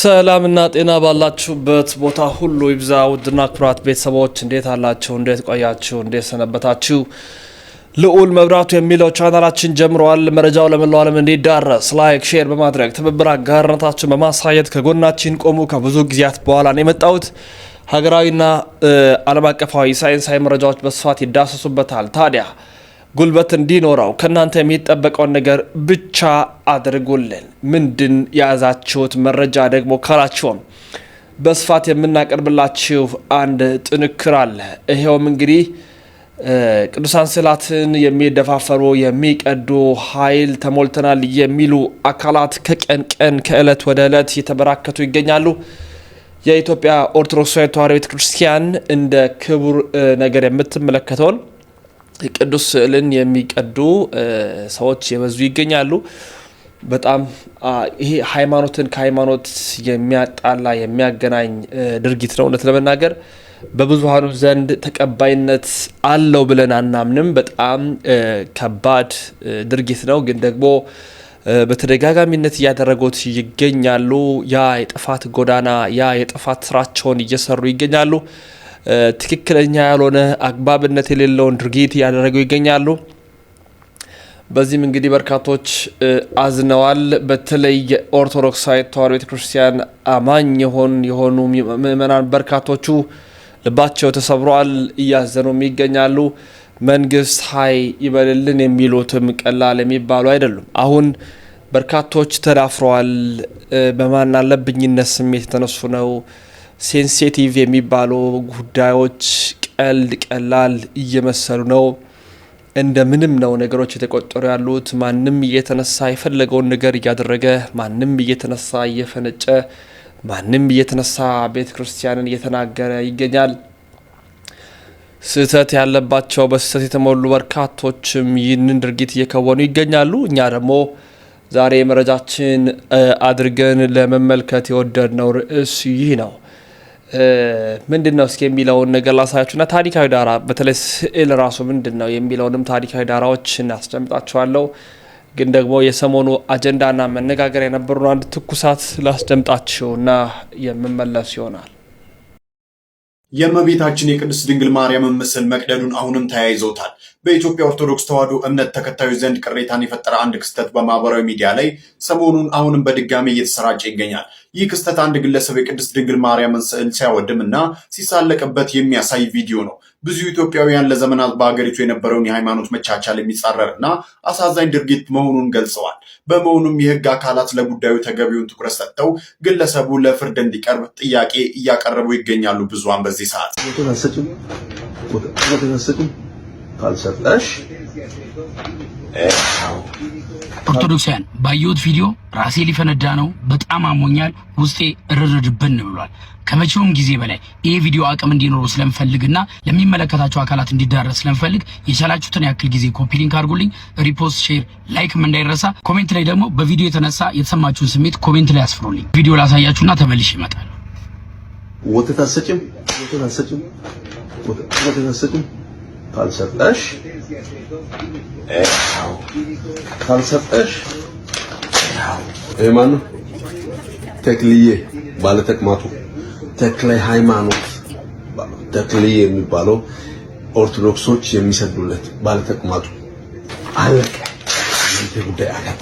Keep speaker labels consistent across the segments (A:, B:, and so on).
A: ሰላምና ጤና ባላችሁበት ቦታ ሁሉ ይብዛ። ውድና ክቡራት ቤተሰቦች እንዴት አላችሁ? እንዴት ቆያችሁ? እንዴት ሰነበታችሁ? ልዑል መብራቱ የሚለው ቻናላችን ጀምረዋል። መረጃው ለመላው ዓለም እንዲዳረስ ላይክ፣ ሼር በማድረግ ትብብር አጋርነታችን በማሳየት ከጎናችን ቆሙ። ከብዙ ጊዜያት በኋላ ነው የመጣሁት። ሀገራዊና ዓለም አቀፋዊ ሳይንሳዊ መረጃዎች በስፋት ይዳሰሱበታል። ታዲያ ጉልበት እንዲኖረው ከእናንተ የሚጠበቀውን ነገር ብቻ አድርጉልን። ምንድን የያዛችሁት መረጃ ደግሞ ካላችሁም በስፋት የምናቀርብላችሁ አንድ ጥንክር አለ። ይሄውም እንግዲህ ቅዱሳን ስዕላትን የሚደፋፈሩ የሚቀዱ ኃይል ተሞልተናል የሚሉ አካላት ከቀን ቀን ከእለት ወደ እለት እየተበራከቱ ይገኛሉ። የኢትዮጵያ ኦርቶዶክስ ተዋሕዶ ቤተክርስቲያን እንደ ክቡር ነገር የምትመለከተውን ቅዱስ ስዕልን የሚቀዱ ሰዎች የበዙ ይገኛሉ። በጣም ይሄ ሃይማኖትን ከሃይማኖት የሚያጣላ የሚያገናኝ ድርጊት ነው። እውነት ለመናገር በብዙሃኑ ዘንድ ተቀባይነት አለው ብለን አናምንም። በጣም ከባድ ድርጊት ነው፣ ግን ደግሞ በተደጋጋሚነት እያደረጉት ይገኛሉ። ያ የጥፋት ጎዳና ያ የጥፋት ስራቸውን እየሰሩ ይገኛሉ። ትክክለኛ ያልሆነ አግባብነት የሌለውን ድርጊት እያደረጉ ይገኛሉ። በዚህም እንግዲህ በርካቶች አዝነዋል። በተለይ የኦርቶዶክሳዊት ተዋሕዶ ቤተክርስቲያን አማኝ የሆን የሆኑ ምእመናን በርካቶቹ ልባቸው ተሰብሯል፣ እያዘኑም ይገኛሉ። መንግስት ሀይ ይበልልን የሚሉትም ቀላል የሚባሉ አይደሉም። አሁን በርካቶች ተዳፍረዋል። በማናለብኝነት ስሜት የተነሱ ነው ሴንሴቲቭ የሚባሉ ጉዳዮች ቀልድ ቀላል እየመሰሉ ነው። እንደ ምንም ነው ነገሮች የተቆጠሩ ያሉት። ማንም እየተነሳ የፈለገውን ነገር እያደረገ፣ ማንም እየተነሳ እየፈነጨ፣ ማንም እየተነሳ ቤተ ክርስቲያንን እየተናገረ ይገኛል። ስህተት ያለባቸው በስህተት የተሞሉ በርካቶችም ይህንን ድርጊት እየከወኑ ይገኛሉ። እኛ ደግሞ ዛሬ መረጃችን አድርገን ለመመልከት የወደድነው ርዕስ ይህ ነው። ምንድን ነው እስኪ የሚለውን ነገር ላሳያችሁና ታሪካዊ ዳራ በተለይ ስዕል ራሱ ምንድን ነው የሚለውንም ታሪካዊ ዳራዎች እናስደምጣችኋለሁ። ግን ደግሞ የሰሞኑ አጀንዳና መነጋገር የነበሩ አንድ ትኩሳት ላስደምጣችሁና የምመለስ ይሆናል። የእመቤታችን የቅድስት ድንግል ማርያምን ምስል መቅደዱን አሁንም ተያይዘውታል። በኢትዮጵያ ኦርቶዶክስ ተዋሕዶ እምነት ተከታዮች ዘንድ ቅሬታን የፈጠረ አንድ ክስተት በማህበራዊ ሚዲያ ላይ ሰሞኑን አሁንም በድጋሚ እየተሰራጨ ይገኛል። ይህ ክስተት አንድ ግለሰብ የቅድስት ድንግል ማርያምን ስዕል ሲያወድም እና ሲሳለቅበት የሚያሳይ ቪዲዮ ነው። ብዙ ኢትዮጵያውያን ለዘመናት በሀገሪቱ የነበረውን የሃይማኖት መቻቻል የሚጻረር እና አሳዛኝ ድርጊት መሆኑን ገልጸዋል። በመሆኑም የህግ አካላት ለጉዳዩ ተገቢውን ትኩረት ሰጥተው ግለሰቡ ለፍርድ እንዲቀርብ ጥያቄ እያቀረቡ ይገኛሉ። ብዙን በዚህ ሰዓት
B: ካልሰጠሽ ኦርቶዶክሳውያን ባየሁት ቪዲዮ ራሴ ሊፈነዳ ነው። በጣም አሞኛል፣ ውስጤ እርርድብን ብሏል። ከመቼውም ጊዜ በላይ ይሄ ቪዲዮ አቅም እንዲኖረው ስለምፈልግና ለሚመለከታቸው አካላት እንዲዳረስ ስለምፈልግ የቻላችሁትን ያክል ጊዜ ኮፒ ሊንክ አድርጉልኝ። ሪፖስት፣ ሼር፣ ላይክም እንዳይረሳ። ኮሜንት ላይ ደግሞ በቪዲዮ የተነሳ የተሰማችሁን ስሜት ኮሜንት ላይ አስፍሩልኝ። ቪዲዮ ላሳያችሁና ተመልሼ እመጣለሁ።
C: ወተት አትሰጭም? ወተት አትሰጭም? ወተት አትሰጭም? ካልሰጠሽ ካልሰጠሽ ተክልዬ ባለ ተቅማጡ ተክለ ሃይማኖት ተክልዬ የሚባለው ኦርቶዶክሶች የሚሰዱለት ባለ ተቅማጡ አለቀ። ጉዳይ አለቀ።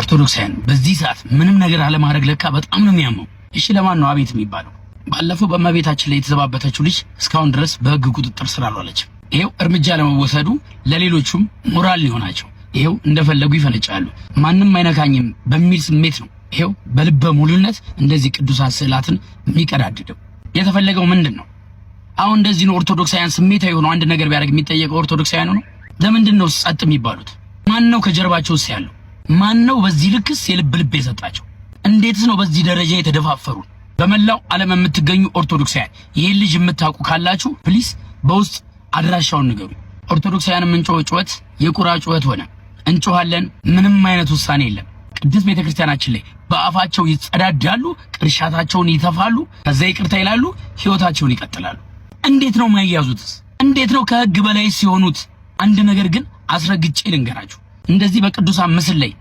B: ኦርቶዶክሳውያን በዚህ ሰዓት ምንም ነገር አለማድረግ ለካ በጣም ነው የሚያመው። እሺ ለማን ነው አቤት የሚባለው? ባለፈው በእመቤታችን ላይ የተዘባበተችው ልጅ እስካሁን ድረስ በህግ ቁጥጥር ስር አልዋለች። ይሄው እርምጃ ለመወሰዱ ለሌሎቹም ሞራል ሊሆናቸው ይሄው እንደፈለጉ ይፈነጫሉ። ማንም አይነካኝም በሚል ስሜት ነው ይሄው በልበ ሙሉነት እንደዚህ ቅዱሳት ስዕላትን የሚቀዳድደው። የተፈለገው ምንድን ነው? አሁን እንደዚህ ነው ኦርቶዶክሳውያን ስሜታዊ ሆነው አንድ ነገር ቢያደርግ የሚጠየቀው ኦርቶዶክሳውያን ነው። ለምንድን ነው ጸጥ የሚባሉት? ማን ነው ከጀርባቸው ውስጥ ያለው? ማን ነው በዚህ ልክስ የልብ ልብ የሰጣቸው? እንዴትስ ነው በዚህ ደረጃ የተደፋፈሩ? በመላው ዓለም የምትገኙ ኦርቶዶክሳውያን ይህን ልጅ የምታውቁ ካላችሁ ፕሊስ በውስጥ አድራሻውን ንገሩ። ኦርቶዶክሳውያን የምንጮኸው ጩኸት የቁራ ጩኸት ሆነ። እንጮኋለን፣ ምንም አይነት ውሳኔ የለም። ቅድስት ቤተ ክርስቲያናችን ላይ በአፋቸው ይጸዳዳሉ፣ ቅርሻታቸውን ይተፋሉ፣ ከዛ ይቅርታ ይላሉ፣ ህይወታቸውን ይቀጥላሉ። እንዴት ነው የማይያዙትስ? እንዴት ነው ከህግ በላይ ሲሆኑት? አንድ ነገር ግን አስረግጬ ልንገራችሁ። እንደዚህ በቅዱሳን ምስል ላይ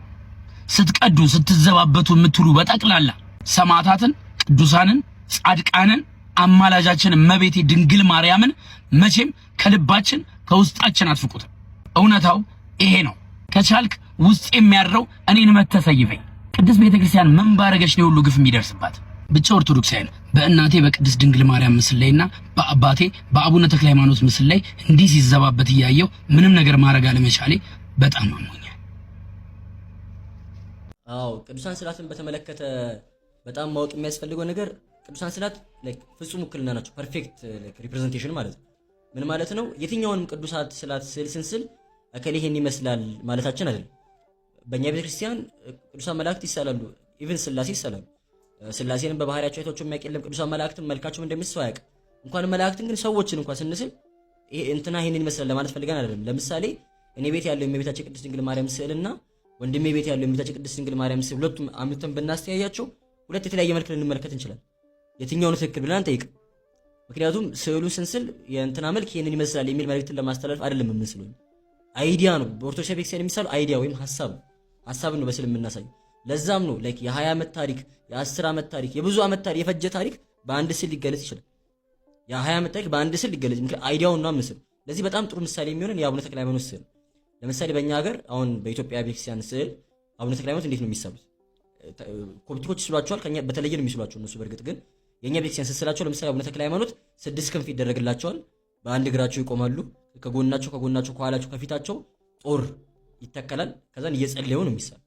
B: ስትቀዱ ስትዘባበቱ የምትሉ በጠቅላላ ሰማዕታትን ቅዱሳንን፣ ጻድቃንን፣ አማላጃችን እመቤቴ ድንግል ማርያምን መቼም ከልባችን ከውስጣችን አትፍቁትም። እውነታው ይሄ ነው። ከቻልክ ውስጥ የሚያድረው እኔን መተሰይፈኝ ቅድስት ቤተክርስቲያን ምን ባረገች ነው ሁሉ ግፍ የሚደርስባት? ብቻ ኦርቶዶክሳውያን በእናቴ በቅድስት ድንግል ማርያም ምስል ላይና በአባቴ በአቡነ ተክለ ሃይማኖት ምስል ላይ እንዲህ ሲዘባበት እያየው ምንም ነገር ማድረግ አለመቻሌ በጣም አሞኛል።
D: አዎ ቅዱሳን ስዕላትን በተመለከተ በጣም ማወቅ የሚያስፈልገው ነገር ቅዱሳን ስላት ላይክ ፍጹም ውክልና ናቸው። ፐርፌክት ላይክ ሪፕሬዘንቴሽን ማለት ነው። ምን ማለት ነው? የትኛውንም ቅዱሳት ስላት ስል ስንስል እከሌ ይሄን ይመስላል ማለታችን አይደለም። በእኛ ቤተክርስቲያን ቅዱሳን መላእክት ይሳላሉ፣ ኢቭን ስላሴ ይሳላሉ። ስላሴንም በባህሪያቸው አይቷቸው የሚያውቅ የለም። ቅዱሳን መላእክትን መልካቸው እንደሚሰው አያውቅ። እንኳን መላእክትን ግን ሰዎችን እንኳን ስንስል ይሄ እንትና ይሄንን ይመስላል ለማለት ፈልገን አይደለም። ለምሳሌ እኔ ቤት ያለው የእመቤታችን ቅድስት ድንግል ማርያም ስዕልና ወንድሜ ቤት ያለው የእመቤታችን ቅድስት ድንግል ማርያም ስዕል ሁለቱም አምልተን ብናስተያያቸው ሁለት የተለያየ መልክ ልንመለከት እንችላለን። የትኛውን ትክክል ብለን አንጠይቅ። ምክንያቱም ስዕሉ ስንስል የእንትና መልክ ይህንን ይመስላል የሚል መልክትን ለማስተላለፍ አይደለም የምንስሉ አይዲያ ነው። በኦርቶዶክስ ቤተክርስቲያን የሚሳሉ አይዲያ ወይም ሀሳብ ነው። ሀሳብን ነው በስዕል የምናሳየው። ለዛም ነው ላይክ የ20 ዓመት ታሪክ፣ የ10 ዓመት ታሪክ፣ የብዙ ዓመት ታሪክ የፈጀ ታሪክ በአንድ ስዕል ሊገለጽ ይችላል። የ20 ዓመት ታሪክ በአንድ ስዕል ሊገለጽ ምክንያቱም አይዲያውን ነው ምስል። ለዚህ በጣም ጥሩ ምሳሌ የሚሆነን የአቡነ ተክለ ሃይማኖት ስዕል። ለምሳሌ በእኛ ሀገር አሁን በኢትዮጵያ ቤተክርስቲያን ስዕል አቡነ ተክለ ሃይማኖት እንዴት ነው የሚሳሉት? ኮፕቲኮች ይስሏቸዋል። ከኛ በተለየ ነው የሚስሏቸው እነሱ። በእርግጥ ግን የእኛ ቤተክርስቲያን ስትስላቸው ለምሳሌ አቡነ ተክለ ሃይማኖት ስድስት ክንፍ ይደረግላቸዋል። በአንድ እግራቸው ይቆማሉ። ከጎናቸው ከጎናቸው ከኋላቸው ከፊታቸው ጦር ይተከላል። ከዛን እየጸለዩ ነው የሚሳል።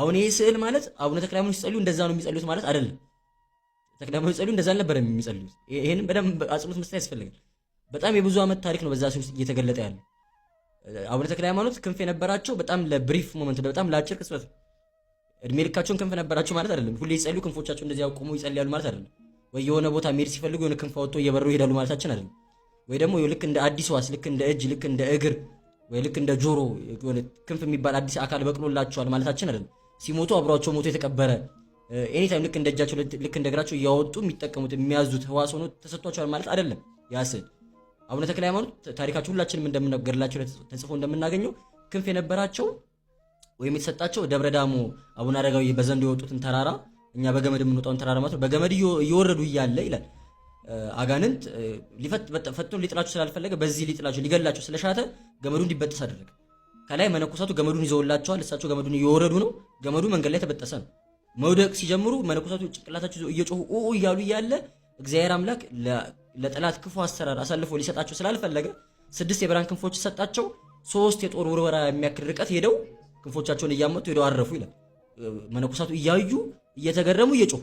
D: አሁን ይህ ስዕል ማለት አቡነ ተክለ ሃይማኖት ሲጸልዩ እንደዛ ነው የሚጸልዩት ማለት አይደለም። ተክለ ሃይማኖት ሲጸልዩ እንደዛ አልነበረም የሚጸልዩት። ይህንን በደንብ አጽንኦት መስጠት ያስፈልጋል። በጣም የብዙ ዓመት ታሪክ ነው በዛ ውስጥ እየተገለጠ ያለ። አቡነ ተክለ ሃይማኖት ክንፍ የነበራቸው በጣም ለብሪፍ ሞመንት፣ በጣም ለአጭር ቅጽበት ነው። እድሜ ልካቸውን ክንፍ ነበራቸው ማለት አይደለም። ሁሌ ይጸልዩ ክንፎቻቸው እንደዚህ ያቆሙ ይጸልያሉ ማለት አይደለም። ወይ የሆነ ቦታ መሄድ ሲፈልጉ የሆነ ክንፍ አወጥቶ እየበሩ ይሄዳሉ ማለታችን አይደለም። ወይ ደግሞ ልክ እንደ አዲስ ዋስ፣ ልክ እንደ እጅ፣ ልክ እንደ እግር፣ ወይ ልክ እንደ ጆሮ የሆነ ክንፍ የሚባል አዲስ አካል በቅሎላቸዋል ማለታችን አይደለም። ሲሞቱ አብሯቸው ሞቶ የተቀበረ ኤኒታይም ልክ እንደ እጃቸው ልክ እንደ እግራቸው እያወጡ የሚጠቀሙት የሚያዙት ህዋስ ሆኖ ተሰጥቷቸዋል ማለት አይደለም። ያስ አቡነ ተክለ ሃይማኖት ታሪካቸው ሁላችንም እንደምናገርላቸው ተጽፎ እንደምናገኘው ክንፍ የነበራቸው ወይም የተሰጣቸው ደብረ ዳሞ አቡነ አረጋዊ በዘንዶ የወጡትን ተራራ እኛ በገመድ የምንወጣውን ተራራ ማለት ነው። በገመድ እየወረዱ እያለ ይላል አጋንንት ፈጥኖ ሊጥላቸው ስላልፈለገ በዚህ ሊጥላቸው ሊገላቸው ስለሻተ ገመዱ እንዲበጠስ አደረገ። ከላይ መነኮሳቱ ገመዱን ይዘውላቸዋል። እሳቸው ገመዱን እየወረዱ ነው። ገመዱ መንገድ ላይ ተበጠሰ ነው። መውደቅ ሲጀምሩ መነኮሳቱ ጭንቅላታቸው እየጮሁ ኡ እያሉ እያለ እግዚአብሔር አምላክ ለጠላት ክፉ አሰራር አሳልፎ ሊሰጣቸው ስላልፈለገ ስድስት የብርሃን ክንፎች ሰጣቸው። ሶስት የጦር ውርወራ የሚያክል ርቀት ሄደው ክንፎቻቸውን እያመጡ ሄደው አረፉ ይላል። መነኮሳቱ እያዩ እየተገረሙ እየጮሁ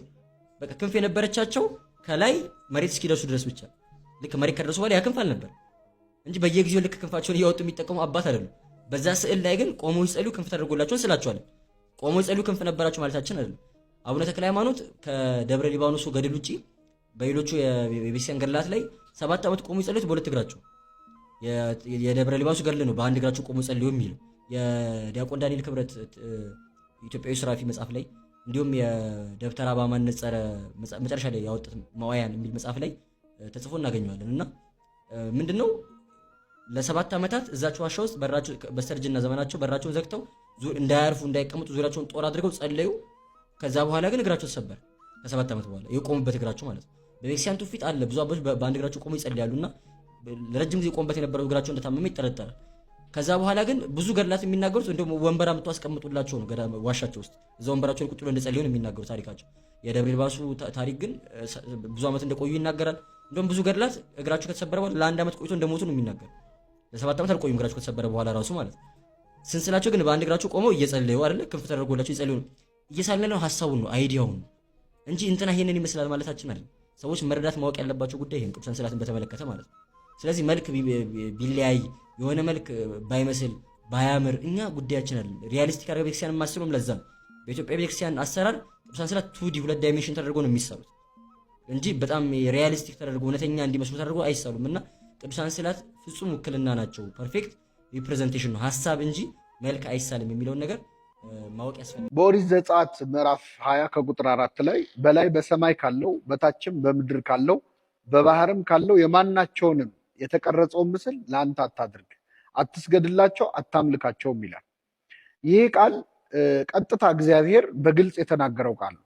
D: በቃ ክንፍ የነበረቻቸው ከላይ መሬት እስኪደርሱ ድረስ ብቻ። ልክ መሬት ከደረሱ በኋላ ያ ክንፍ አልነበር እንጂ በየጊዜው ልክ ክንፋቸውን እያወጡ የሚጠቀሙ አባት አይደሉም። በዛ ስዕል ላይ ግን ቆሞ ይጸልዩ ክንፍ ተደርጎላቸውን ስላቸዋለን። ቆሞ ይጸልዩ ክንፍ ነበራቸው ማለታችን አይደለም። አቡነ ተክለ ሃይማኖት ከደብረ ሊባኖሱ ገድል ውጭ በሌሎቹ የቤተክርስቲያን ገድላት ላይ ሰባት ዓመት ቆሞ ይጸልዩት በሁለት እግራቸው የደብረ ሊባኖሱ ገድል ነው በአንድ እግራቸው ቆሞ ይጸልዩ የሚለው የዲያቆን ዳንኤል ክብረት ኢትዮጵያዊ ስራፊ መጽሐፍ ላይ እንዲሁም የደብተራ በማነጽ መጨረሻ ላይ ያወጡት መዋያን የሚል መጽሐፍ ላይ ተጽፎ እናገኘዋለን። እና ምንድነው ለሰባት ዓመታት እዛቸው ዋሻ ውስጥ በስተርጅና ዘመናቸው በራቸውን ዘግተው እንዳያርፉ እንዳይቀመጡ ዙሪያቸውን ጦር አድርገው ጸለዩ። ከዛ በኋላ ግን እግራቸው ተሰበር። ከሰባት ዓመት በኋላ የቆሙበት እግራቸው ማለት ነው። በቤተክርስቲያን አለ። ብዙ አባቶች በአንድ እግራቸው ቆመው ይጸልያሉ እና ለረጅም ጊዜ ቆሙበት የነበረው እግራቸው እንደታመመ ይጠረጠራል። ከዛ በኋላ ግን ብዙ ገድላት የሚናገሩት እንደውም ወንበር አምጥቶ አስቀምጡላቸው ነው ገዳም ዋሻቸው ውስጥ እዛ ወንበራቸውን ቁጭ ብሎ እንደጸልዩን የሚናገሩ ታሪካቸው። የደብረ ኤልባሱ ታሪክ ግን ብዙ ዓመት እንደቆዩ ይናገራል። እንደውም ብዙ ገድላት እግራቸው ከተሰበረ በኋላ ለአንድ ዓመት ቆይቶ እንደሞቱ ነው የሚናገር። ለሰባት ዓመት አልቆዩም እግራቸው ከተሰበረ በኋላ ራሱ ማለት ስንስላቸው ግን በአንድ እግራቸው ቆመው እየጸለዩ አይደለ ክንፍ ተደርጎላቸው ይጸልዩ ነው እየሳለ ነው ሀሳቡን ነው አይዲያውን ነው እንጂ እንትና ይሄንን ይመስላል ማለታችን አይደለም። ሰዎች መረዳት ማወቅ ያለባቸው ጉዳይ ይሄን ቅዱሳን ስዕላትን በተመለከተ ማለት ነው። ስለዚህ መልክ ቢለያይ የሆነ መልክ ባይመስል ባያምር እኛ ጉዳያችን አለ ሪያሊስቲክ አድርገህ ቤተክርስቲያን የማስሉም ለዛ ነው። በኢትዮጵያ ቤተክርስቲያን አሰራር ቅዱሳን ስዕላት ቱዲ ሁለት ዳይሜንሽን ተደርጎ ነው የሚሰሩት እንጂ በጣም ሪያሊስቲክ ተደርጎ እውነተኛ እንዲመስሉ ተደርጎ አይሰሩም። እና ቅዱሳን ስዕላት ፍጹም ውክልና ናቸው። ፐርፌክት ሪፕሬዘንቴሽን ነው ሀሳብ እንጂ መልክ አይሳልም የሚለውን ነገር
E: ማወቅ ያስፈልጋል። በኦሪት ዘጸአት ምዕራፍ 20 ከቁጥር አራት ላይ በላይ በሰማይ ካለው በታችም በምድር ካለው በባህርም ካለው የማናቸውንም የተቀረጸውን ምስል ለአንተ አታድርግ፣ አትስገድላቸው፣ አታምልካቸውም ይላል። ይህ ቃል ቀጥታ እግዚአብሔር በግልጽ የተናገረው ቃል ነው።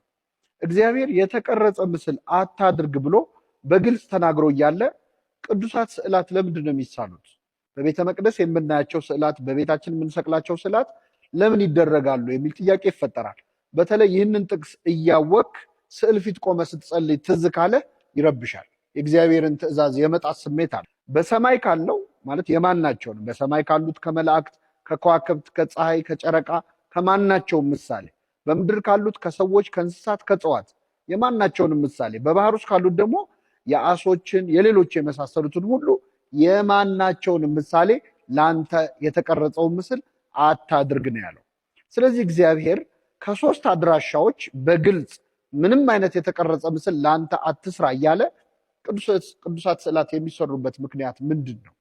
E: እግዚአብሔር የተቀረጸ ምስል አታድርግ ብሎ በግልጽ ተናግሮ እያለ ቅዱሳት ስዕላት ለምንድን ነው የሚሳሉት? በቤተ መቅደስ የምናያቸው ስዕላት፣ በቤታችን የምንሰቅላቸው ስዕላት ለምን ይደረጋሉ የሚል ጥያቄ ይፈጠራል። በተለይ ይህንን ጥቅስ እያወክ ስዕል ፊት ቆመ ስትጸልይ ትዝ ካለ ይረብሻል። የእግዚአብሔርን ትእዛዝ የመጣት ስሜት አለ። በሰማይ ካለው ማለት የማናቸው ነው። በሰማይ ካሉት ከመላእክት፣ ከከዋክብት፣ ከፀሐይ፣ ከጨረቃ ከማናቸውም ምሳሌ፣ በምድር ካሉት ከሰዎች፣ ከእንስሳት፣ ከእጽዋት የማናቸውንም ምሳሌ፣ በባህር ውስጥ ካሉት ደግሞ የአሶችን የሌሎች የመሳሰሉትን ሁሉ የማናቸውንም ምሳሌ ለአንተ የተቀረጸውን ምስል አታድርግ ነው ያለው። ስለዚህ እግዚአብሔር ከሶስት አድራሻዎች በግልጽ ምንም አይነት የተቀረጸ ምስል ለአንተ አትስራ እያለ ቅዱሳት ስዕላት የሚሰሩበት ምክንያት ምንድን ነው?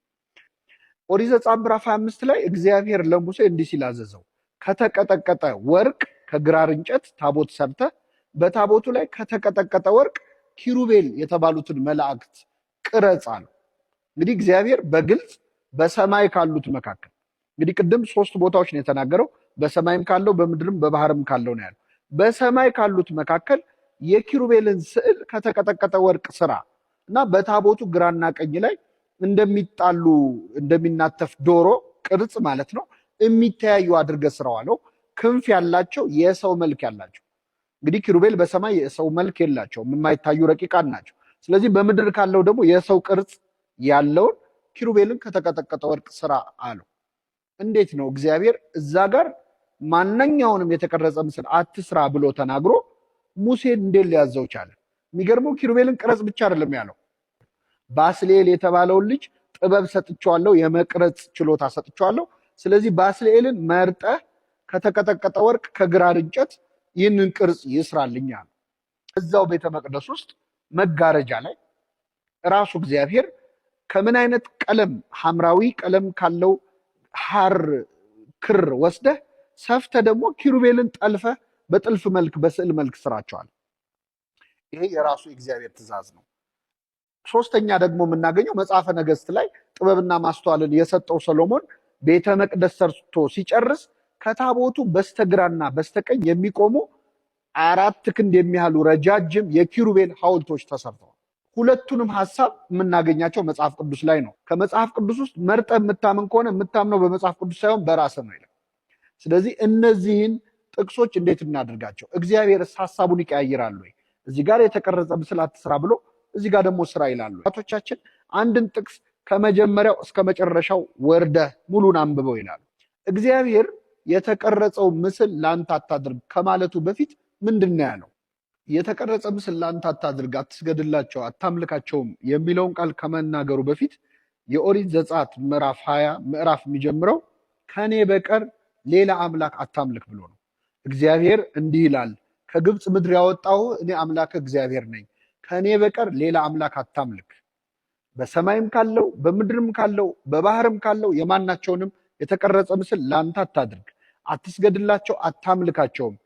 E: ኦሪት ዘጸአት ምዕራፍ 25 ላይ እግዚአብሔር ለሙሴ እንዲህ ሲል አዘዘው፣ ከተቀጠቀጠ ወርቅ ከግራር እንጨት ታቦት ሰርተ በታቦቱ ላይ ከተቀጠቀጠ ወርቅ ኪሩቤል የተባሉትን መላእክት ቅረጽ አለው። እንግዲህ እግዚአብሔር በግልጽ በሰማይ ካሉት መካከል እንግዲህ ቅድም ሶስት ቦታዎች ነው የተናገረው። በሰማይም ካለው በምድርም በባህርም ካለው ነው ያለው። በሰማይ ካሉት መካከል የኪሩቤልን ስዕል ከተቀጠቀጠ ወርቅ ስራ እና በታቦቱ ግራና ቀኝ ላይ እንደሚጣሉ እንደሚናተፍ ዶሮ ቅርጽ ማለት ነው የሚተያዩ አድርገ ስራ ክንፍ ያላቸው የሰው መልክ ያላቸው እንግዲህ ኪሩቤል በሰማይ የሰው መልክ የላቸው የማይታዩ ረቂቃን ናቸው። ስለዚህ በምድር ካለው ደግሞ የሰው ቅርጽ ያለውን ኪሩቤልን ከተቀጠቀጠ ወርቅ ስራ አሉ። እንዴት ነው እግዚአብሔር እዛ ጋር ማንኛውንም የተቀረጸ ምስል አትስራ ብሎ ተናግሮ ሙሴን እንዴት ሊያዘው ቻለ? የሚገርመው ኪሩቤልን ቅረጽ ብቻ አይደለም ያለው፣ ባስልኤል የተባለውን ልጅ ጥበብ ሰጥቸዋለው የመቅረጽ ችሎታ ሰጥቸዋለሁ። ስለዚህ ባስልኤልን መርጠ ከተቀጠቀጠ ወርቅ ከግራር እንጨት ይህንን ቅርጽ ይስራልኝ አለ። እዛው ቤተ መቅደስ ውስጥ መጋረጃ ላይ ራሱ እግዚአብሔር ከምን አይነት ቀለም ሐምራዊ ቀለም ካለው ሐር ክር ወስደህ ሰፍተህ ደግሞ ኪሩቤልን ጠልፈህ በጥልፍ መልክ በስዕል መልክ ስራቸዋል። ይሄ የራሱ የእግዚአብሔር ትእዛዝ ነው። ሶስተኛ ደግሞ የምናገኘው መጽሐፈ ነገስት ላይ ጥበብና ማስተዋልን የሰጠው ሰሎሞን ቤተ መቅደስ ሰርቶ ሲጨርስ ከታቦቱ በስተግራና በስተቀኝ የሚቆሙ አራት ክንድ የሚያህሉ ረጃጅም የኪሩቤል ሐውልቶች ተሰርተዋል። ሁለቱንም ሀሳብ የምናገኛቸው መጽሐፍ ቅዱስ ላይ ነው። ከመጽሐፍ ቅዱስ ውስጥ መርጠ የምታምን ከሆነ የምታምነው በመጽሐፍ ቅዱስ ሳይሆን በራስ ነው ይለ ስለዚህ እነዚህን ጥቅሶች እንዴት እናደርጋቸው? እግዚአብሔርስ ሀሳቡን ይቀያይራሉ ወይ? እዚህ ጋር የተቀረጸ ምስል አትስራ ብሎ እዚህ ጋር ደግሞ ስራ ይላሉ። አባቶቻችን አንድን ጥቅስ ከመጀመሪያው እስከ መጨረሻው ወርደህ ሙሉን አንብበው ይላሉ። እግዚአብሔር የተቀረጸው ምስል ለአንተ አታድርግ ከማለቱ በፊት ምንድን ነው ያለው? የተቀረጸ ምስል ለአንተ አታድርግ፣ አትስገድላቸው፣ አታምልካቸውም የሚለውን ቃል ከመናገሩ በፊት የኦሪት ዘጸአት ምዕራፍ ሀያ ምዕራፍ የሚጀምረው ከኔ በቀር ሌላ አምላክ አታምልክ ብሎ ነው። እግዚአብሔር እንዲህ ይላል ከግብፅ ምድር ያወጣሁ እኔ አምላክ እግዚአብሔር ነኝ። ከእኔ በቀር ሌላ አምላክ አታምልክ። በሰማይም ካለው በምድርም ካለው በባህርም ካለው የማናቸውንም የተቀረጸ ምስል ለአንተ አታድርግ። አትስገድላቸው፣ አታምልካቸውም።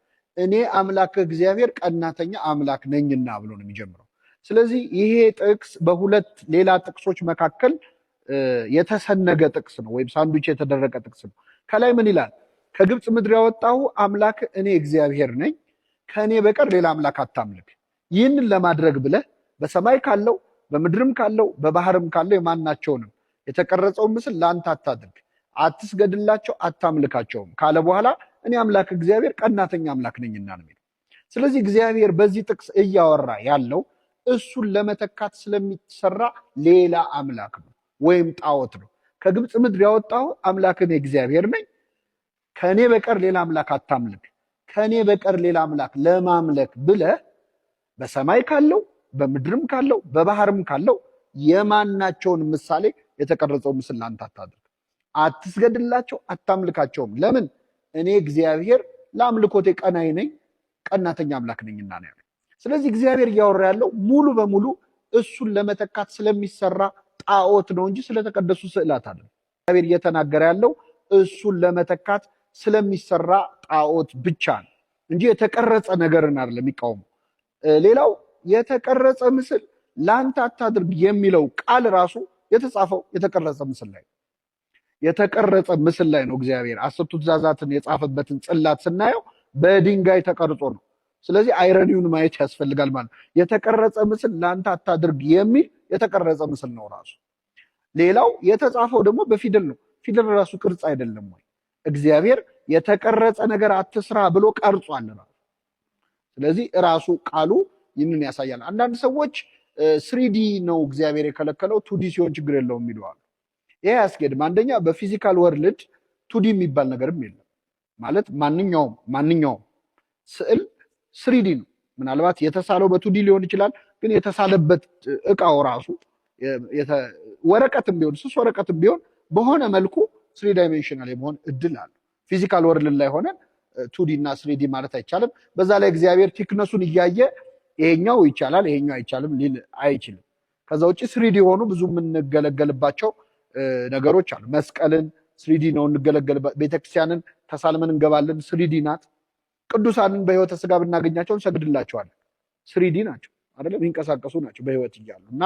E: እኔ አምላክ እግዚአብሔር ቀናተኛ አምላክ ነኝና ብሎ ነው የሚጀምረው። ስለዚህ ይሄ ጥቅስ በሁለት ሌላ ጥቅሶች መካከል የተሰነገ ጥቅስ ነው፣ ወይም ሳንዱች የተደረገ ጥቅስ ነው። ከላይ ምን ይላል? ከግብፅ ምድር ያወጣሁ አምላክ እኔ እግዚአብሔር ነኝ ከእኔ በቀር ሌላ አምላክ አታምልክ። ይህንን ለማድረግ ብለህ በሰማይ ካለው በምድርም ካለው በባህርም ካለው የማናቸውንም የተቀረጸው ምስል ለአንተ አታድርግ፣ አትስገድላቸው፣ አታምልካቸውም ካለ በኋላ እኔ አምላክ እግዚአብሔር ቀናተኛ አምላክ ነኝና ነው። ስለዚህ እግዚአብሔር በዚህ ጥቅስ እያወራ ያለው እሱን ለመተካት ስለሚሰራ ሌላ አምላክ ነው ወይም ጣዖት ነው። ከግብፅ ምድር ያወጣው አምላክን እግዚአብሔር ነኝ፣ ከእኔ በቀር ሌላ አምላክ አታምልክ ከኔ በቀር ሌላ አምላክ ለማምለክ ብለህ በሰማይ ካለው በምድርም ካለው በባህርም ካለው የማናቸውን ምሳሌ የተቀረጸው ምስል ለአንተ አታድርግ። አትስገድላቸው፣ አታምልካቸውም። ለምን? እኔ እግዚአብሔር ለአምልኮቴ ቀናይ ነኝ፣ ቀናተኛ አምላክ ነኝና ነው ያለው። ስለዚህ እግዚአብሔር እያወራ ያለው ሙሉ በሙሉ እሱን ለመተካት ስለሚሰራ ጣዖት ነው እንጂ ስለተቀደሱ ስዕላት አይደለም። እግዚአብሔር እየተናገረ ያለው እሱን ለመተካት ስለሚሰራ ጣዖት ብቻ ነው እንጂ የተቀረጸ ነገርን አይደለም የሚቃወመው። ሌላው የተቀረጸ ምስል ለአንተ አታድርግ የሚለው ቃል ራሱ የተጻፈው የተቀረጸ ምስል ላይ የተቀረጸ ምስል ላይ ነው። እግዚአብሔር አስርቱ ትእዛዛትን የጻፈበትን ጽላት ስናየው በድንጋይ ተቀርጾ ነው። ስለዚህ አይረኒውን ማየት ያስፈልጋል ማለት ነው። የተቀረጸ ምስል ለአንተ አታድርግ የሚል የተቀረጸ ምስል ነው ራሱ። ሌላው የተጻፈው ደግሞ በፊደል ነው። ፊደል ራሱ ቅርጽ አይደለም ወይ? እግዚአብሔር የተቀረጸ ነገር አትስራ ብሎ ቀርጿል ራሱ። ስለዚህ ራሱ ቃሉ ይህንን ያሳያል። አንዳንድ ሰዎች ስሪዲ ነው እግዚአብሔር የከለከለው ቱዲ ሲሆን ችግር የለውም የሚለዋሉ። ይሄ አያስኬድም። አንደኛ በፊዚካል ወርልድ ቱዲ የሚባል ነገርም የለም ማለት ማንኛውም ማንኛውም ስዕል ስሪዲ ነው። ምናልባት የተሳለው በቱዲ ሊሆን ይችላል፣ ግን የተሳለበት እቃው ራሱ ወረቀትም ቢሆን ስስ ወረቀትም ቢሆን በሆነ መልኩ ስሪ ዳይሜንሽናል የመሆን እድል አለው። ፊዚካል ወርልድ ላይ ሆነን ቱዲ እና ስሪዲ ማለት አይቻልም። በዛ ላይ እግዚአብሔር ቲክነሱን እያየ ይሄኛው ይቻላል ይሄኛው አይቻልም ሊል አይችልም። ከዛ ውጭ ስሪዲ የሆኑ ብዙ የምንገለገልባቸው ነገሮች አሉ። መስቀልን ስሪዲ ነው እንገለገልባት። ቤተክርስቲያንን ተሳልመን እንገባለን፣ ስሪዲ ናት። ቅዱሳንን በህይወተ ስጋ ብናገኛቸው እንሰግድላቸዋለን፣ ስሪዲ ናቸው አይደለም የሚንቀሳቀሱ ናቸው በህይወት እያሉ እና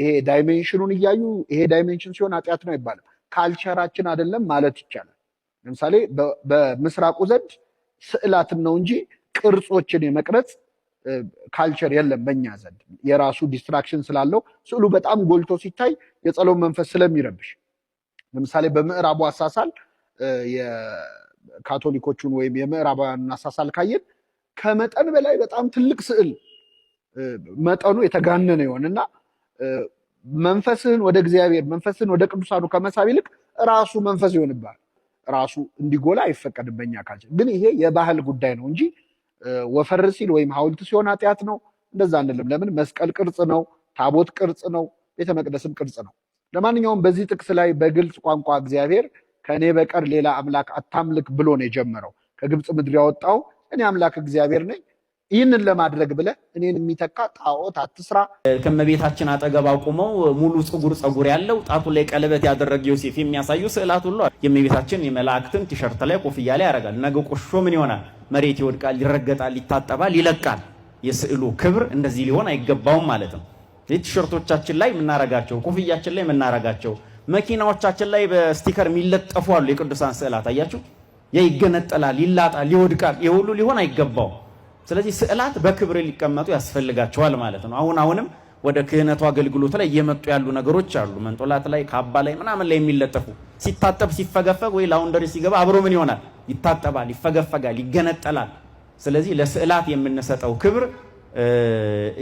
E: ይሄ ዳይሜንሽኑን እያዩ ይሄ ዳይሜንሽን ሲሆን ኃጢአት ነው አይባልም። ካልቸራችን አይደለም ማለት ይቻላል። ለምሳሌ በምስራቁ ዘንድ ስዕላትን ነው እንጂ ቅርጾችን የመቅረጽ ካልቸር የለም። በእኛ ዘንድ የራሱ ዲስትራክሽን ስላለው ስዕሉ በጣም ጎልቶ ሲታይ የጸሎ መንፈስ ስለሚረብሽ፣ ለምሳሌ በምዕራቡ አሳሳል የካቶሊኮቹን ወይም የምዕራባውያኑን አሳሳል ካየን ከመጠን በላይ በጣም ትልቅ ስዕል መጠኑ የተጋነነ ይሆን እና መንፈስህን ወደ እግዚአብሔር መንፈስህን ወደ ቅዱሳኑ ከመሳብ ይልቅ ራሱ መንፈስ ይሆንብሃል። ራሱ እንዲጎላ አይፈቀድም በኛ ካል ግን ይሄ የባህል ጉዳይ ነው እንጂ ወፈር ሲል ወይም ሐውልት ሲሆን ኃጢአት ነው እንደዛ አንልም። ለምን መስቀል ቅርጽ ነው፣ ታቦት ቅርጽ ነው፣ ቤተ መቅደስም ቅርጽ ነው። ለማንኛውም በዚህ ጥቅስ ላይ በግልጽ ቋንቋ እግዚአብሔር ከእኔ በቀር ሌላ አምላክ አታምልክ ብሎ ነው የጀመረው። ከግብፅ ምድር ያወጣው እኔ አምላክ እግዚአብሔር ነኝ ይህንን ለማድረግ ብለ እኔን የሚተካ ጣዖት አትስራ።
F: ከእመቤታችን አጠገብ አቁመው ሙሉ ጽጉር ፀጉር ያለው ጣቱ ላይ ቀለበት ያደረገ ዮሴፍ የሚያሳዩ ስዕላት ሁሉ የመቤታችን የመላእክትን ቲሸርት ላይ ኮፍያ ላይ ያደርጋል። ነገ ቆሾ ምን ይሆናል? መሬት ይወድቃል፣ ይረገጣል፣ ይታጠባል፣ ይለቃል። የስዕሉ ክብር እንደዚህ ሊሆን አይገባውም ማለት ነው። ቲሸርቶቻችን ላይ የምናረጋቸው፣ ኮፍያችን ላይ የምናረጋቸው፣ መኪናዎቻችን ላይ በስቲከር የሚለጠፉ አሉ። የቅዱሳን ስዕላት አያችሁ፣ ይገነጠላል፣ ይላጣል፣ ይወድቃል። የሁሉ ሊሆን አይገባውም። ስለዚህ ስዕላት በክብር ሊቀመጡ ያስፈልጋቸዋል ማለት ነው። አሁን አሁንም ወደ ክህነቱ አገልግሎት ላይ እየመጡ ያሉ ነገሮች አሉ። መንጦላት ላይ ካባ ላይ ምናምን ላይ የሚለጠፉ ሲታጠብ ሲፈገፈግ ወይ ላውንደሪ ሲገባ አብሮ ምን ይሆናል? ይታጠባል፣ ይፈገፈጋል፣ ይገነጠላል። ስለዚህ ለስዕላት የምንሰጠው ክብር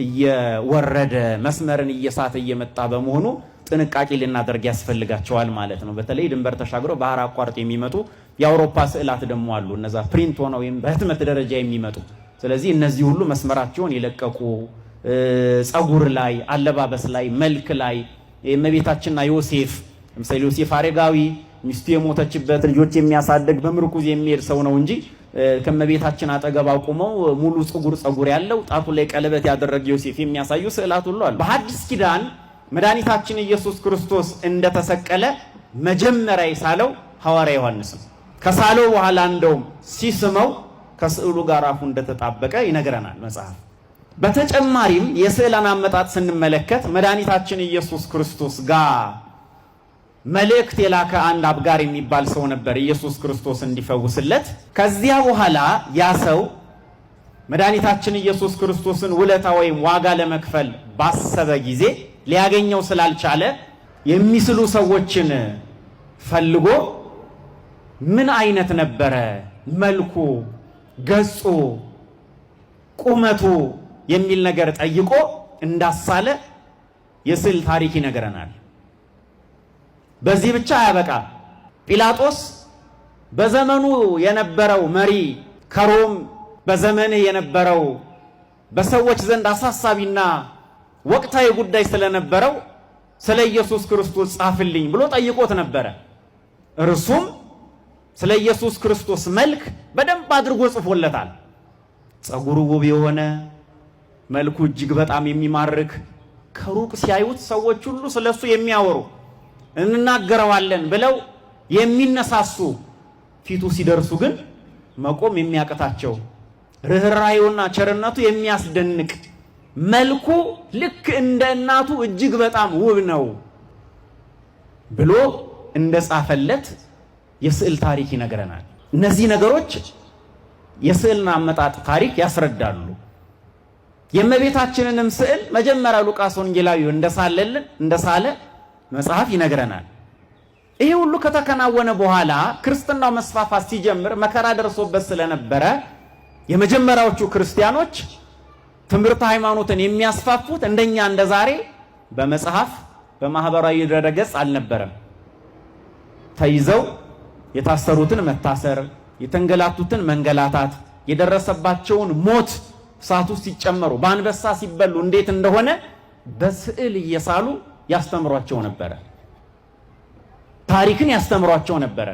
F: እየወረደ መስመርን እየሳተ እየመጣ በመሆኑ ጥንቃቄ ልናደርግ ያስፈልጋቸዋል ማለት ነው። በተለይ ድንበር ተሻግረው ባህር አቋርጦ የሚመጡ የአውሮፓ ስዕላት ደግሞ አሉ። እነዛ ፕሪንት ሆነው ወይም በህትመት ደረጃ የሚመጡ ስለዚህ እነዚህ ሁሉ መስመራቸውን የለቀቁ ጸጉር ላይ፣ አለባበስ ላይ፣ መልክ ላይ የእመቤታችንና ዮሴፍ ለምሳሌ ዮሴፍ አረጋዊ ሚስቱ የሞተችበት ልጆች የሚያሳድግ በምርኩዝ የሚሄድ ሰው ነው እንጂ ከእመቤታችን አጠገብ አቁመው ሙሉ ጽጉር ጸጉር ያለው ጣቱ ላይ ቀለበት ያደረገ ዮሴፍ የሚያሳዩ ስዕላት ሁሉ አሉ። በሐዲስ ኪዳን መድኃኒታችን ኢየሱስ ክርስቶስ እንደተሰቀለ መጀመሪያ የሳለው ሐዋርያ ዮሐንስ ነው። ከሳለው በኋላ እንደውም ሲስመው ከስዕሉ ጋር አፉ እንደተጣበቀ ይነግረናል መጽሐፍ። በተጨማሪም የስዕላን አመጣጥ ስንመለከት መድኃኒታችን ኢየሱስ ክርስቶስ ጋር መልእክት የላከ አንድ አብጋር የሚባል ሰው ነበር ኢየሱስ ክርስቶስ እንዲፈውስለት። ከዚያ በኋላ ያ ሰው መድኃኒታችን ኢየሱስ ክርስቶስን ውለታ ወይም ዋጋ ለመክፈል ባሰበ ጊዜ ሊያገኘው ስላልቻለ የሚስሉ ሰዎችን ፈልጎ ምን አይነት ነበረ መልኩ ገጹ፣ ቁመቱ የሚል ነገር ጠይቆ እንዳሳለ የስዕል ታሪክ ይነግረናል። በዚህ ብቻ አያበቃ። ጲላጦስ በዘመኑ የነበረው መሪ ከሮም በዘመን የነበረው በሰዎች ዘንድ አሳሳቢና ወቅታዊ ጉዳይ ስለነበረው ስለ ኢየሱስ ክርስቶስ ጻፍልኝ ብሎ ጠይቆት ነበረ። እርሱም ስለ ኢየሱስ ክርስቶስ መልክ በደንብ አድርጎ ጽፎለታል። ጸጉሩ ውብ የሆነ መልኩ እጅግ በጣም የሚማርክ ከሩቅ ሲያዩት ሰዎች ሁሉ ስለሱ የሚያወሩ እንናገረዋለን ብለው የሚነሳሱ ፊቱ ሲደርሱ ግን መቆም የሚያቅታቸው ርኅራዩና ቸርነቱ የሚያስደንቅ መልኩ ልክ እንደ እናቱ እጅግ በጣም ውብ ነው ብሎ ጻፈለት የስዕል ታሪክ ይነግረናል። እነዚህ ነገሮች የስዕልን አመጣጥ ታሪክ ያስረዳሉ። የእመቤታችንንም ስዕል መጀመሪያ ሉቃስ ወንጌላዊ እንደሳለልን እንደሳለ መጽሐፍ ይነግረናል። ይሄ ሁሉ ከተከናወነ በኋላ ክርስትናው መስፋፋት ሲጀምር መከራ ደርሶበት ስለነበረ የመጀመሪያዎቹ ክርስቲያኖች ትምህርት ሃይማኖትን የሚያስፋፉት እንደኛ እንደዛሬ በመጽሐፍ በማህበራዊ ድረገጽ አልነበረም። ተይዘው የታሰሩትን መታሰር፣ የተንገላቱትን መንገላታት፣ የደረሰባቸውን ሞት እሳት ውስጥ ሲጨመሩ በአንበሳ ሲበሉ እንዴት እንደሆነ በስዕል እየሳሉ ያስተምሯቸው ነበረ። ታሪክን ያስተምሯቸው ነበረ።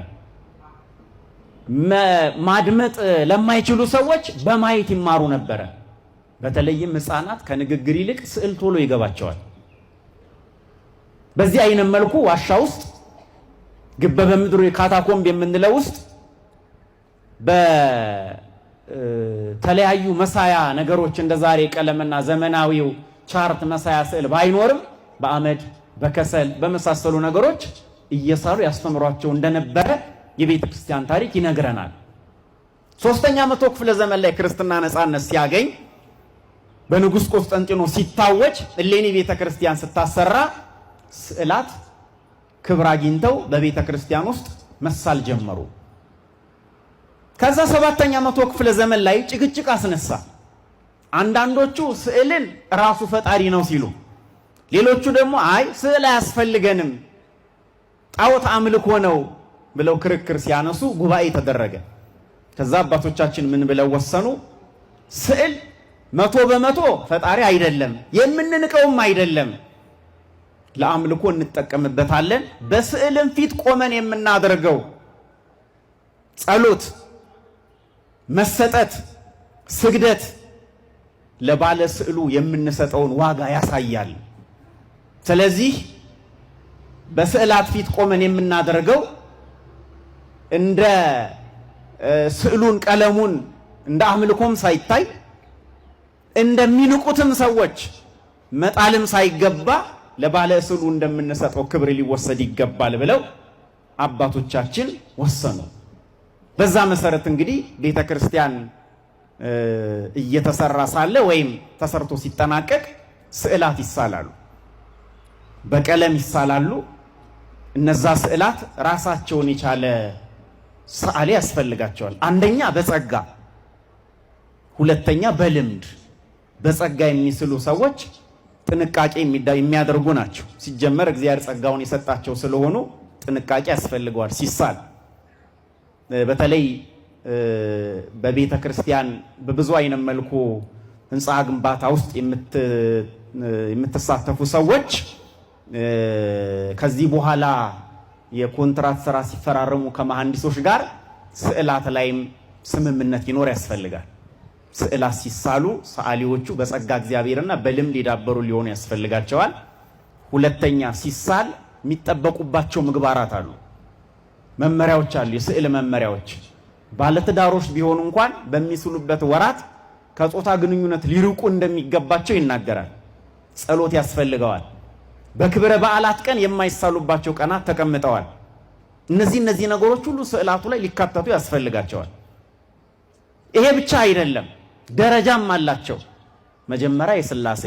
F: ማድመጥ ለማይችሉ ሰዎች በማየት ይማሩ ነበረ። በተለይም ሕፃናት ከንግግር ይልቅ ስዕል ቶሎ ይገባቸዋል። በዚህ አይነት መልኩ ዋሻ ውስጥ ግበ በምድሩ የካታኮምብ የምንለው ውስጥ በተለያዩ መሳያ ነገሮች እንደ ዛሬ ቀለምና ዘመናዊው ቻርት መሳያ ስዕል ባይኖርም በአመድ በከሰል በመሳሰሉ ነገሮች እየሳሉ ያስተምሯቸው እንደነበረ የቤተ ክርስቲያን ታሪክ ይነግረናል። ሶስተኛ መቶ ክፍለ ዘመን ላይ ክርስትና ነጻነት ሲያገኝ በንጉሥ ቆስጠንጢኖ ሲታወጅ እሌኒ ቤተ ክርስቲያን ስታሰራ ስዕላት ክብር አግኝተው በቤተ ክርስቲያን ውስጥ መሳል ጀመሩ። ከዛ ሰባተኛ መቶ ክፍለ ዘመን ላይ ጭቅጭቅ አስነሳ። አንዳንዶቹ ስዕልን ራሱ ፈጣሪ ነው ሲሉ፣ ሌሎቹ ደግሞ አይ ስዕል አያስፈልገንም ጣዖት አምልኮ ነው ብለው ክርክር ሲያነሱ ጉባኤ ተደረገ። ከዛ አባቶቻችን ምን ብለው ወሰኑ? ስዕል መቶ በመቶ ፈጣሪ አይደለም፣ የምንንቀውም አይደለም ለአምልኮ እንጠቀምበታለን። በስዕልም ፊት ቆመን የምናደርገው ጸሎት፣ መሰጠት፣ ስግደት ለባለ ስዕሉ የምንሰጠውን ዋጋ ያሳያል። ስለዚህ በስዕላት ፊት ቆመን የምናደርገው እንደ ስዕሉን ቀለሙን እንደ አምልኮም ሳይታይ እንደሚንቁትም ሰዎች መጣልም ሳይገባ ለባለ እስሉ እንደምንሰጠው ክብር ሊወሰድ ይገባል ብለው አባቶቻችን ወሰኑ። በዛ መሰረት እንግዲህ ቤተ ክርስቲያን እየተሰራ ሳለ ወይም ተሰርቶ ሲጠናቀቅ ስዕላት ይሳላሉ፣ በቀለም ይሳላሉ። እነዛ ስዕላት ራሳቸውን የቻለ ሰዓሊ ያስፈልጋቸዋል። አንደኛ በጸጋ ሁለተኛ በልምድ በጸጋ የሚስሉ ሰዎች ጥንቃቄ የሚያደርጉ ናቸው። ሲጀመር እግዚአብሔር ጸጋውን የሰጣቸው ስለሆኑ ጥንቃቄ ያስፈልገዋል። ሲሳል በተለይ በቤተ ክርስቲያን በብዙ አይነት መልኩ ህንፃ ግንባታ ውስጥ የምትሳተፉ ሰዎች ከዚህ በኋላ የኮንትራት ስራ ሲፈራረሙ ከመሐንዲሶች ጋር ስዕላት ላይም ስምምነት ይኖር ያስፈልጋል። ስዕላት ሲሳሉ ሰዓሊዎቹ በጸጋ እግዚአብሔርና በልምድ የዳበሩ ሊሆኑ ያስፈልጋቸዋል። ሁለተኛ ሲሳል የሚጠበቁባቸው ምግባራት አሉ፣ መመሪያዎች አሉ፣ የስዕል መመሪያዎች። ባለትዳሮች ቢሆኑ እንኳን በሚስሉበት ወራት ከጾታ ግንኙነት ሊርቁ እንደሚገባቸው ይናገራል። ጸሎት ያስፈልገዋል። በክብረ በዓላት ቀን የማይሳሉባቸው ቀናት ተቀምጠዋል። እነዚህ እነዚህ ነገሮች ሁሉ ስዕላቱ ላይ ሊካተቱ ያስፈልጋቸዋል። ይሄ ብቻ አይደለም። ደረጃም አላቸው። መጀመሪያ የስላሴ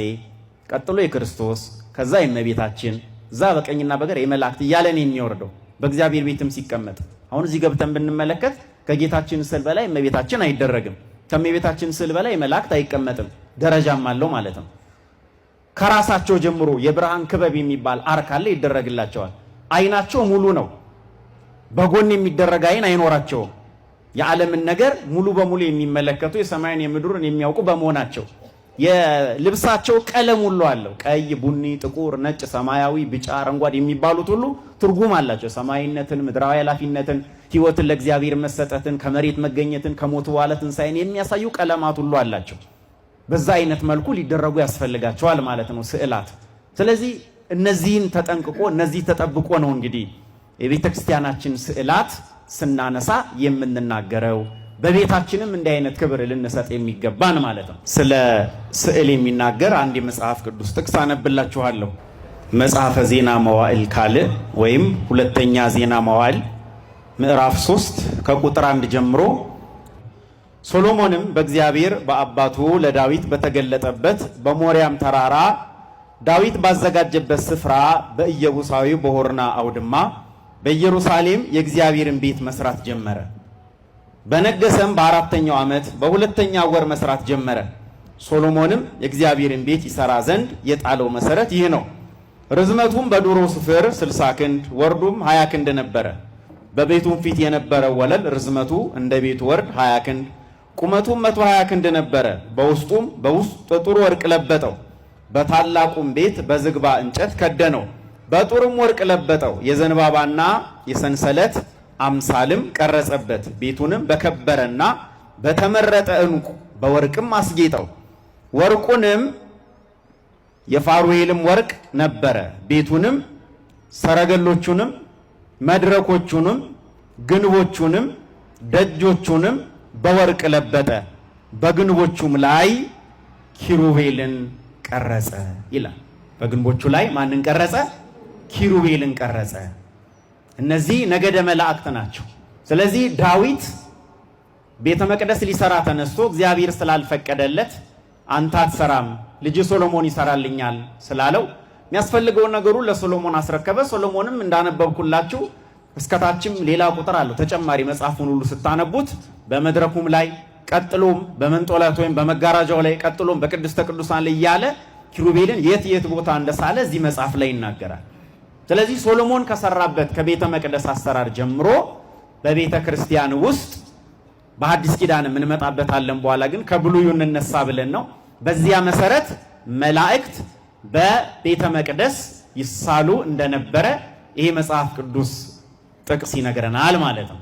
F: ቀጥሎ የክርስቶስ ከዛ የእመቤታችን እዛ በቀኝና በግራ የመላእክት እያለ የሚወርደው በእግዚአብሔር ቤትም ሲቀመጥ። አሁን እዚህ ገብተን ብንመለከት ከጌታችን ስዕል በላይ እመቤታችን አይደረግም። ከእመቤታችን ስዕል በላይ መላእክት አይቀመጥም። ደረጃም አለው ማለት ነው። ከራሳቸው ጀምሮ የብርሃን ክበብ የሚባል አርክ አለ፣ ይደረግላቸዋል። አይናቸው ሙሉ ነው። በጎን የሚደረግ አይን አይኖራቸውም። የዓለምን ነገር ሙሉ በሙሉ የሚመለከቱ የሰማይን የምድሩን የሚያውቁ በመሆናቸው የልብሳቸው ቀለም ሁሉ አለው። ቀይ፣ ቡኒ፣ ጥቁር፣ ነጭ፣ ሰማያዊ፣ ቢጫ፣ አረንጓዴ የሚባሉት ሁሉ ትርጉም አላቸው። ሰማይነትን፣ ምድራዊ ኃላፊነትን፣ ህይወትን ለእግዚአብሔር መሰጠትን፣ ከመሬት መገኘትን፣ ከሞት በኋላ ትንሣኤን የሚያሳዩ ቀለማት ሁሉ አላቸው። በዛ አይነት መልኩ ሊደረጉ ያስፈልጋቸዋል ማለት ነው ስዕላት። ስለዚህ እነዚህን ተጠንቅቆ እነዚህ ተጠብቆ ነው እንግዲህ የቤተክርስቲያናችን ስዕላት ስናነሳ የምንናገረው በቤታችንም እንዲህ አይነት ክብር ልንሰጥ የሚገባን ማለት ነው። ስለ ስዕል የሚናገር አንድ የመጽሐፍ ቅዱስ ጥቅስ አነብላችኋለሁ። መጽሐፈ ዜና መዋዕል ካልዕ ወይም ሁለተኛ ዜና መዋዕል ምዕራፍ 3 ከቁጥር አንድ ጀምሮ ሶሎሞንም በእግዚአብሔር በአባቱ ለዳዊት በተገለጠበት በሞሪያም ተራራ ዳዊት ባዘጋጀበት ስፍራ በኢየቡሳዊ በሆርና አውድማ በኢየሩሳሌም የእግዚአብሔርን ቤት መስራት ጀመረ። በነገሰም በአራተኛው ዓመት በሁለተኛ ወር መስራት ጀመረ። ሶሎሞንም የእግዚአብሔርን ቤት ይሰራ ዘንድ የጣለው መሰረት ይህ ነው። ርዝመቱም በዱሮ ስፍር 60 ክንድ ወርዱም 20 ክንድ ነበረ። በቤቱም ፊት የነበረው ወለል ርዝመቱ እንደ ቤቱ ወርድ 20 ክንድ ቁመቱም 120 ክንድ ነበረ። በውስጡም በውስጥ ጥሩ ወርቅ ለበጠው። በታላቁም ቤት በዝግባ እንጨት ከደነው። በጥሩም ወርቅ ለበጠው፣ የዘንባባና የሰንሰለት አምሳልም ቀረጸበት። ቤቱንም በከበረና በተመረጠ እንቁ በወርቅም አስጌጠው። ወርቁንም የፋሩዌልም ወርቅ ነበረ። ቤቱንም ሰረገሎቹንም መድረኮቹንም ግንቦቹንም ደጆቹንም በወርቅ ለበጠ። በግንቦቹም ላይ ኪሩቤልን ቀረጸ ይላል። በግንቦቹ ላይ ማንን ቀረጸ? ኪሩቤልን ቀረጸ። እነዚህ ነገደ መላእክት ናቸው። ስለዚህ ዳዊት ቤተ መቅደስ ሊሰራ ተነስቶ እግዚአብሔር ስላልፈቀደለት አንተ አትሰራም፣ ልጅ ሶሎሞን ይሰራልኛል ስላለው የሚያስፈልገውን ነገሩ ለሶሎሞን አስረከበ። ሶሎሞንም እንዳነበብኩላችሁ እስከታችም ሌላ ቁጥር አለው ተጨማሪ መጽሐፉን ሁሉ ስታነቡት በመድረኩም ላይ ቀጥሎም በመንጦላት ወይም በመጋራጃው ላይ ቀጥሎም በቅድስተ ቅዱሳን ላይ እያለ ኪሩቤልን የት የት ቦታ እንደሳለ እዚህ መጽሐፍ ላይ ይናገራል። ስለዚህ ሶሎሞን ከሰራበት ከቤተ መቅደስ አሰራር ጀምሮ በቤተ ክርስቲያን ውስጥ በአዲስ ኪዳን እንመጣበታለን። በኋላ ግን ከብሉዩ እንነሳ ብለን ነው። በዚያ መሰረት መላእክት በቤተ መቅደስ ይሳሉ እንደነበረ ይሄ መጽሐፍ ቅዱስ ጥቅስ ይነግረናል ማለት ነው።